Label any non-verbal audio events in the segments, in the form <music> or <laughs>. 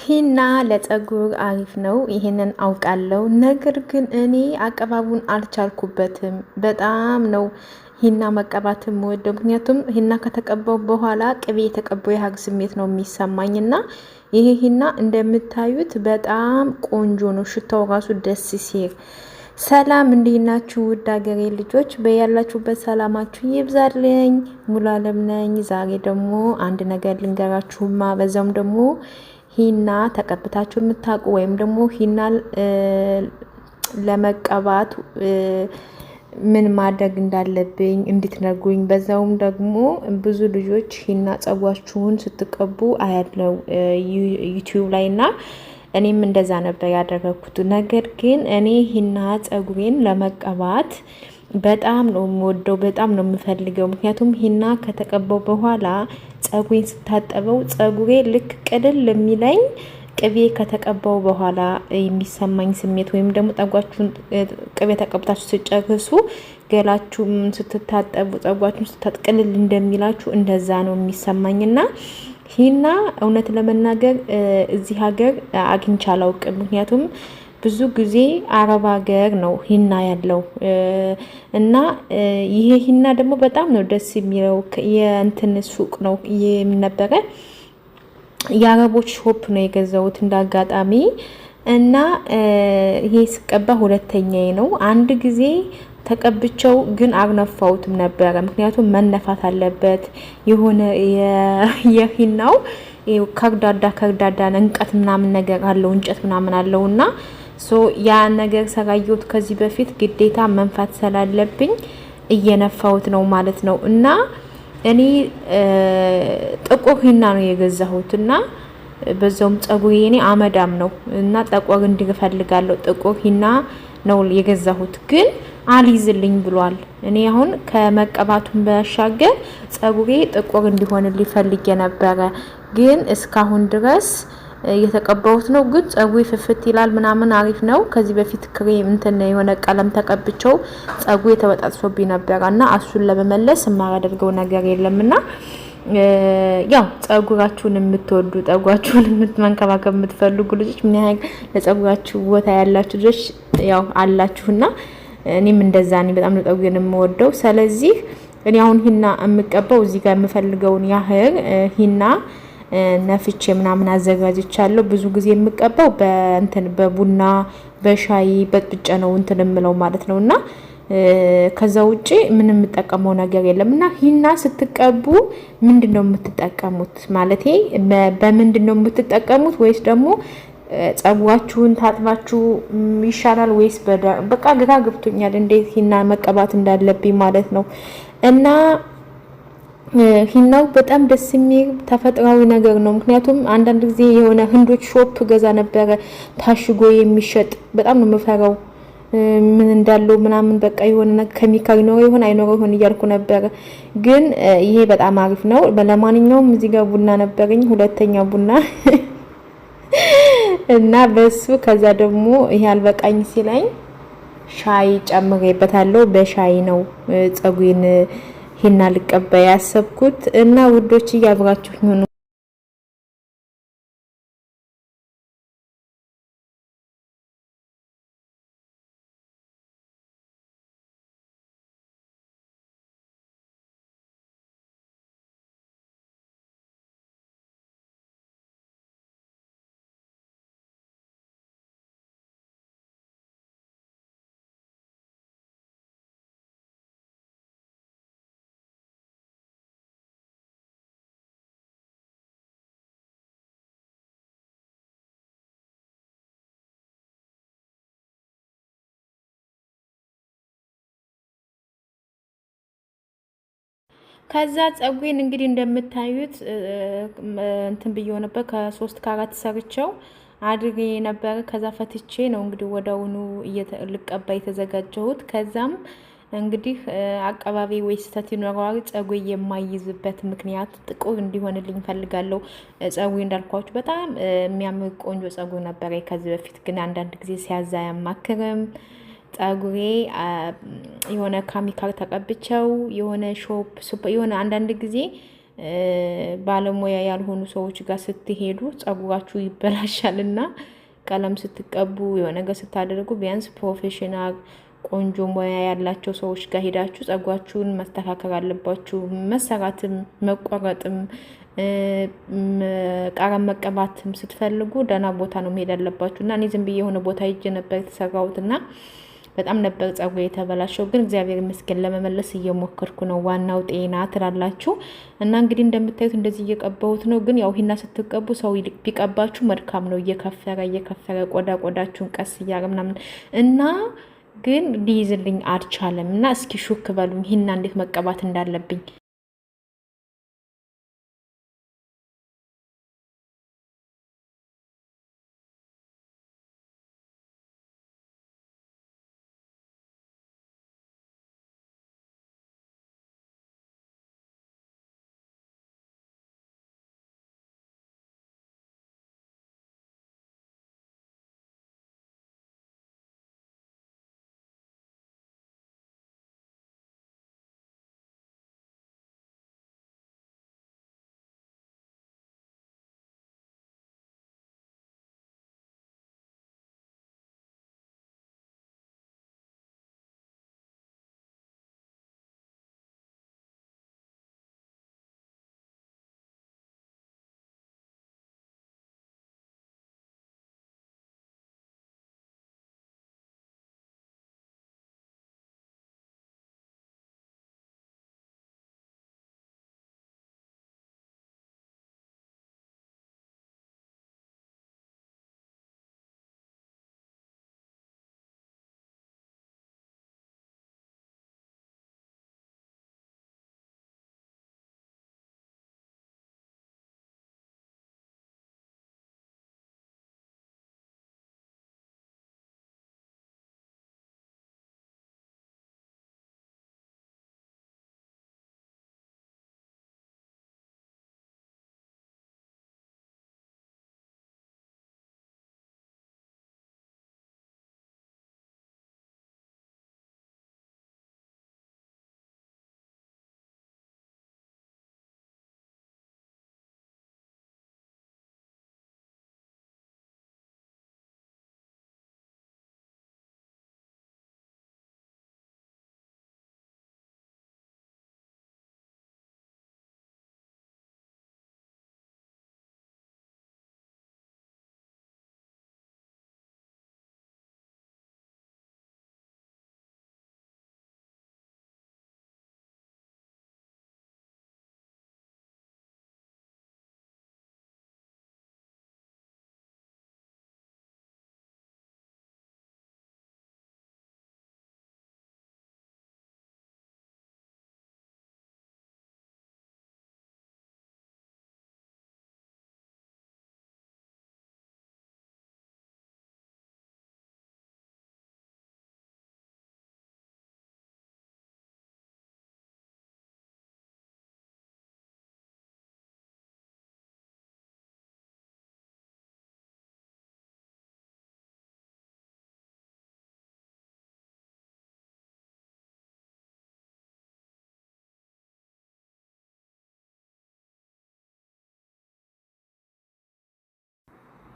ሂና ለፀጉር አሪፍ ነው፣ ይህንን አውቃለሁ። ነገር ግን እኔ አቀባቡን አልቻልኩበትም። በጣም ነው ሂና መቀባትም ወደው። ምክንያቱም ሂና ከተቀባው በኋላ ቅቤ የተቀባው የሀግ ስሜት ነው የሚሰማኝ እና ይሄ ሂና እንደምታዩት በጣም ቆንጆ ነው። ሽታው ራሱ ደስ ሲል ሰላም እንዴት ናችሁ? ውድ ሀገሬ ልጆች በያላችሁበት ሰላማችሁ ይብዛልኝ። ሙሉ አለም ነኝ። ዛሬ ደግሞ አንድ ነገር ልንገራችሁማ በዛውም ደግሞ ሂና ተቀብታችሁ የምታውቁ ወይም ደግሞ ሂና ለመቀባት ምን ማድረግ እንዳለብኝ እንድትነጉኝ። በዛውም ደግሞ ብዙ ልጆች ሂና ጸጉራችሁን ስትቀቡ አያለው ዩቲዩብ ላይ እና እኔም እንደዛ ነበር ያደረግኩት። ነገር ግን እኔ ሂና ጸጉሬን ለመቀባት በጣም ነው የምወደው፣ በጣም ነው የምፈልገው። ምክንያቱም ሂና ከተቀባው በኋላ ጸጉሬን ስታጠበው ጸጉሬ ልክ ቅልል የሚለኝ ቅቤ ከተቀባው በኋላ የሚሰማኝ ስሜት ወይም ደግሞ ጠጓችሁን ቅቤ ተቀብታችሁ ስጨርሱ ገላችሁም ስትታጠቡ ጸጉራችሁን ስታጥቅልል እንደሚላችሁ እንደዛ ነው የሚሰማኝና ሂና እውነት ለመናገር እዚህ ሀገር አግኝቼ አላውቅም። ምክንያቱም ብዙ ጊዜ አረብ ሀገር ነው ሂና ያለው እና ይሄ ሂና ደግሞ በጣም ነው ደስ የሚለው። የእንትን ሱቅ ነው የምነበረ የአረቦች ሾፕ ነው የገዛሁት እንደ አጋጣሚ እና ይሄ ስቀባ ሁለተኛዬ ነው። አንድ ጊዜ ተቀብቸው ግን አልነፋሁትም ነበረ። ምክንያቱም መነፋት አለበት የሆነ <laughs> የሂናው ከርዳዳ ከርዳዳ እንቀት ምናምን ነገር አለው እንጨት ምናምን አለው እና ሶ ያ ነገር ሰራየሁት ከዚህ በፊት ግዴታ መንፋት ስላለብኝ እየነፋሁት ነው ማለት ነው። እና እኔ ጥቁር ሂና ነው የገዛሁት እና በዛውም ጸጉሬ እኔ አመዳም ነው እና ጠቆር እንድፈልጋለሁ ጥቁር ሂና ነው የገዛሁት ግን አልይዝልኝ ብሏል። እኔ አሁን ከመቀባቱን ባሻገር ጸጉሬ ጥቁር እንዲሆን ሊፈልግ የነበረ ግን እስካሁን ድረስ እየተቀባሁት ነው። ግን ጸጉሬ ፍፍት ይላል ምናምን አሪፍ ነው። ከዚህ በፊት ክሬም እንትን የሆነ ቀለም ተቀብቸው ጸጉሬ ተበጣጥሶብኝ ነበረ እና እሱን ለመመለስ የማያደርገው ነገር የለምና ያው ጸጉራችሁን የምትወዱ ጸጉራችሁን የምትመንከባከብ የምትፈልጉ ልጆች ምን ያህል ለጸጉራችሁ ቦታ ያላችሁ ልጆች ያው አላችሁና እኔም እንደዛ ነኝ። በጣም ለጸጉሬን የምወደው ስለዚህ እኔ አሁን ሂና የምቀባው እዚህ ጋር የምፈልገውን ያህል ሂና ነፍቼ ምናምን አዘጋጅቻለሁ። ብዙ ጊዜ የምቀባው በእንትን በቡና በሻይ በጥብጨ ነው እንትን የምለው ማለት ነው እና ከዛ ውጭ ምንም የምጠቀመው ነገር የለም። እና ሂና ስትቀቡ ምንድን ነው የምትጠቀሙት? ማለቴ በምንድን ነው የምትጠቀሙት? ወይስ ደግሞ ጸጉራችሁን ታጥባችሁ ይሻላል ወይስ በቃ ግራ ገብቶኛል፣ እንዴት ሂና መቀባት እንዳለብኝ ማለት ነው እና ሂናው በጣም ደስ የሚል ተፈጥሯዊ ነገር ነው። ምክንያቱም አንዳንድ ጊዜ የሆነ ህንዶች ሾፕ ገዛ ነበረ ታሽጎ የሚሸጥ በጣም ነው የምፈራው ምን እንዳለው ምናምን በቃ የሆነ ነገር ኬሚካል ይኖረው ይሆን አይኖረው ይሆን እያልኩ ነበረ። ግን ይሄ በጣም አሪፍ ነው። ለማንኛውም እዚህ ጋር ቡና ነበረኝ፣ ሁለተኛ ቡና <laughs> እና በሱ ከዛ ደግሞ ይሄ አልበቃኝ ሲለኝ ሻይ ጨምሬበታለሁ። በሻይ ነው ጸጉሬን ይህና ልቀበያ ያሰብኩት እና ውዶች እያብራችሁ ሆኑ ከዛ ጸጉሬን እንግዲህ እንደምታዩት እንትን ብዬ ነበር ከሶስት ከአራት ሰርቸው አድሬ ነበር። ከዛ ፈትቼ ነው እንግዲህ ወደውኑ ልቀባ የተዘጋጀሁት። ከዛም እንግዲህ አቀባቢ ወይ ስህተት ይኖረዋል። ጸጉሬ የማይዝበት ምክንያት ጥቁር እንዲሆንልኝ ፈልጋለሁ። ጸጉሬ እንዳልኳችሁ በጣም የሚያምር ቆንጆ ጸጉር ነበረ ከዚህ በፊት ግን አንዳንድ ጊዜ ሲያዝ አያማክርም። ጸጉሬ የሆነ ካሚካል ተቀብቸው የሆነ ሾፕ የሆነ አንዳንድ ጊዜ ባለሙያ ያልሆኑ ሰዎች ጋር ስትሄዱ ጸጉራችሁ ይበላሻል እና ቀለም ስትቀቡ የሆነ ነገር ስታደርጉ ቢያንስ ፕሮፌሽናል ቆንጆ ሙያ ያላቸው ሰዎች ጋር ሄዳችሁ ጸጉራችሁን መስተካከል አለባችሁ። መሰራትም መቆረጥም ቀረም መቀባትም ስትፈልጉ ደህና ቦታ ነው መሄድ አለባችሁ እና እኔ ዝም ብዬ የሆነ ቦታ ሄጄ ነበር የተሰራሁት እና በጣም ነበር ጸጉር የተበላሸው፣ ግን እግዚአብሔር ይመስገን ለመመለስ እየሞከርኩ ነው። ዋናው ጤና ትላላችሁ እና እንግዲህ እንደምታዩት እንደዚህ እየቀባሁት ነው። ግን ያው ሂና ስትቀቡ ሰው ቢቀባችሁ መልካም ነው። እየከፈረ እየከፈረ ቆዳ ቆዳችሁን ቀስ እያረ ምናምን እና ግን ሊይዝልኝ አልቻለም እና እስኪ ሹክ በሉኝ ሂና እንዴት መቀባት እንዳለብኝ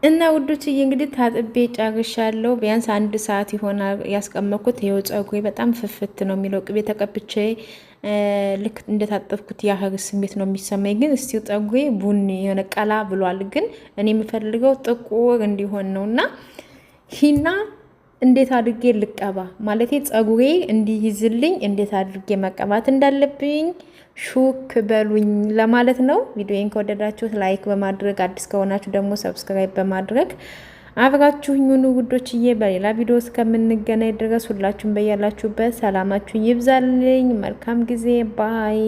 እና ውዶችዬ እንግዲህ ታጥቤ ጨርሻለሁ። ቢያንስ አንድ ሰዓት የሆነ ያስቀመጥኩት ይኸው ጸጉሬ በጣም ፍፍት ነው የሚለው ቅቤ ተቀብቼ ልክ እንደታጠብኩት ያህል ስሜት ነው የሚሰማኝ። ግን እስቲ ጸጉሬ ቡኒ የሆነ ቀላ ብሏል። ግን እኔ የምፈልገው ጥቁር እንዲሆን ነው እና ሂና እንዴት አድርጌ ልቀባ ማለት ጸጉሬ እንዲይዝልኝ እንዴት አድርጌ መቀባት እንዳለብኝ ሹክ በሉኝ ለማለት ነው። ቪዲዮን ከወደዳችሁት ላይክ በማድረግ አዲስ ከሆናችሁ ደግሞ ሰብስክራይብ በማድረግ አብራችሁኝ ሁኑ ውዶችዬ። በሌላ ቪዲዮ እስከምንገናኝ ድረስ ሁላችሁም በያላችሁበት ሰላማችሁ ይብዛልኝ። መልካም ጊዜ ባይ